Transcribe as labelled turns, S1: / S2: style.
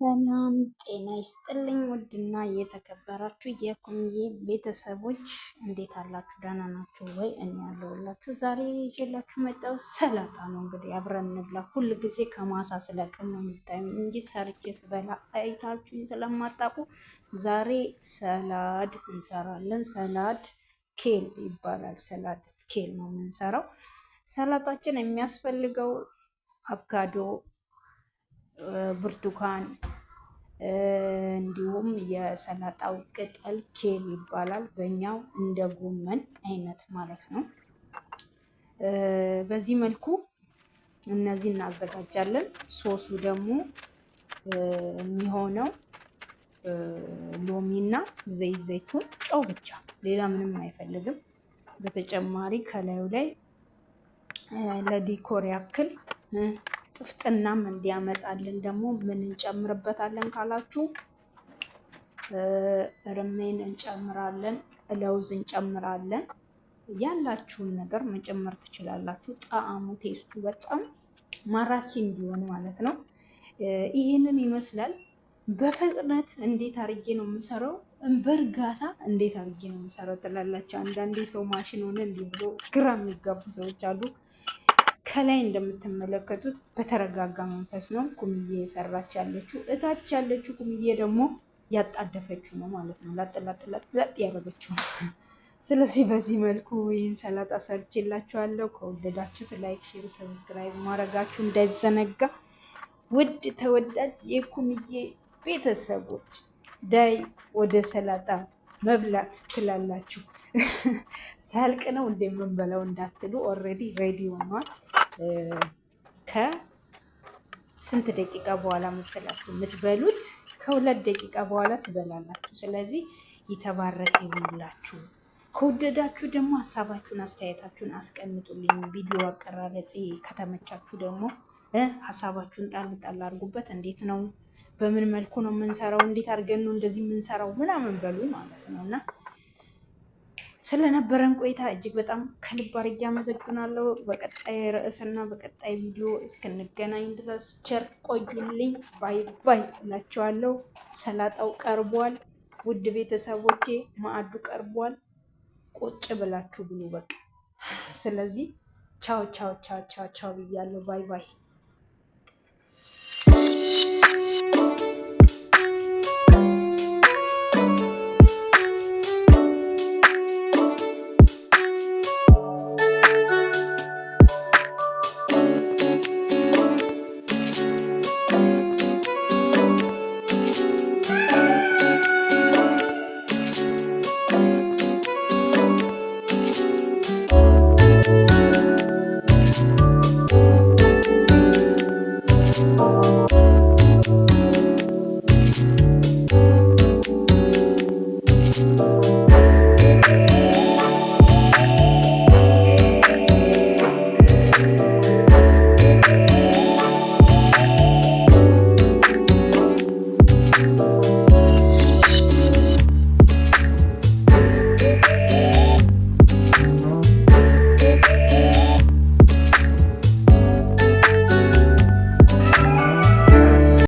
S1: ሰላም ጤና ይስጥልኝ። ውድና እየተከበራችሁ የኮሚዬ ቤተሰቦች እንዴት አላችሁ? ደህና ናችሁ ወይ? እኔ ያለሁላችሁ ዛሬ ይዤላችሁ መጣሁ ሰላጣ ነው። እንግዲህ አብረን እንብላ። ሁል ጊዜ ከማሳ ስለቅም ነው የምታዩ እንጂ ሰርቼ ስበላ አይታችሁኝ ስለማጣቁ ዛሬ ሰላድ እንሰራለን። ሰላድ ኬል ይባላል። ሰላድ ኬል ነው የምንሰራው። ሰላጣችን የሚያስፈልገው አቮካዶ፣ ብርቱካን እንዲሁም የሰላጣው ቅጠል ኬል ይባላል። በእኛው እንደ ጎመን አይነት ማለት ነው። በዚህ መልኩ እነዚህ እናዘጋጃለን። ሶሱ ደግሞ የሚሆነው ሎሚና ዘይት ዘይቱን፣ ጨው ብቻ ሌላ ምንም አይፈልግም። በተጨማሪ ከላዩ ላይ ለዲኮር ያክል ጥፍጥናም እንዲያመጣልን ደግሞ ምን እንጨምርበታለን ካላችሁ ርሜን እንጨምራለን፣ ለውዝ እንጨምራለን። ያላችሁን ነገር መጨመር ትችላላችሁ። ጣዕሙ ቴስቱ በጣም ማራኪ እንዲሆን ማለት ነው። ይህንን ይመስላል። በፍጥነት እንዴት አርጌ ነው የምሰራው፣ በእርጋታ እንዴት አርጌ ነው የምሰራው ትላላችሁ። አንዳንዴ ሰው ማሽን ሆነ እንዲህ ብሎ ግራ የሚጋቡ ሰዎች አሉ። ከላይ እንደምትመለከቱት በተረጋጋ መንፈስ ነው ኩምዬ የሰራች ያለችው። እታች ያለችው ኩምዬ ደግሞ ያጣደፈችው ነው ማለት ነው። ላጥላጥላጥላጥ ያደረገችው ነው። ስለዚህ በዚህ መልኩ ይህን ሰላጣ ሰርችላችኋለሁ። ከወደዳችሁት ላይክ፣ ሼር፣ ሰብስክራይብ ማድረጋችሁ እንዳይዘነጋ። ውድ ተወዳጅ የኩምዬ ቤተሰቦች ዳይ ወደ ሰላጣ መብላት ትላላችሁ። ሳልቅ ነው እንደምንበላው እንዳትሉ ኦልሬዲ ሬዲ ሆኗል። ከስንት ደቂቃ በኋላ መሰላችሁ የምትበሉት? ከሁለት ደቂቃ በኋላ ትበላላችሁ። ስለዚህ የተባረከ ይሁንላችሁ። ከወደዳችሁ ደግሞ ሀሳባችሁን አስተያየታችሁን አስቀምጡልኝ። ቪዲዮ አቀራረጽ ከተመቻችሁ ደግሞ ሀሳባችሁን ጣል ጣል አድርጉበት። እንዴት ነው በምን መልኩ ነው የምንሰራው? እንዴት አድርገን ነው እንደዚህ የምንሰራው ምናምን በሉ ማለት ነው እና ስለነበረን ቆይታ እጅግ በጣም ከልብ አድርጌ አመሰግናለሁ። በቀጣይ ርዕስና በቀጣይ ቪዲዮ እስክንገናኝ ድረስ ቸር ቆዩልኝ። ባይ ባይ እላችኋለሁ። ሰላጣው ቀርቧል። ውድ ቤተሰቦቼ ማዕዱ ቀርቧል። ቁጭ ብላችሁ ብሉ በቃ። ስለዚህ ቻው ቻው ቻው ቻው ቻው ብያለሁ። ባይ ባይ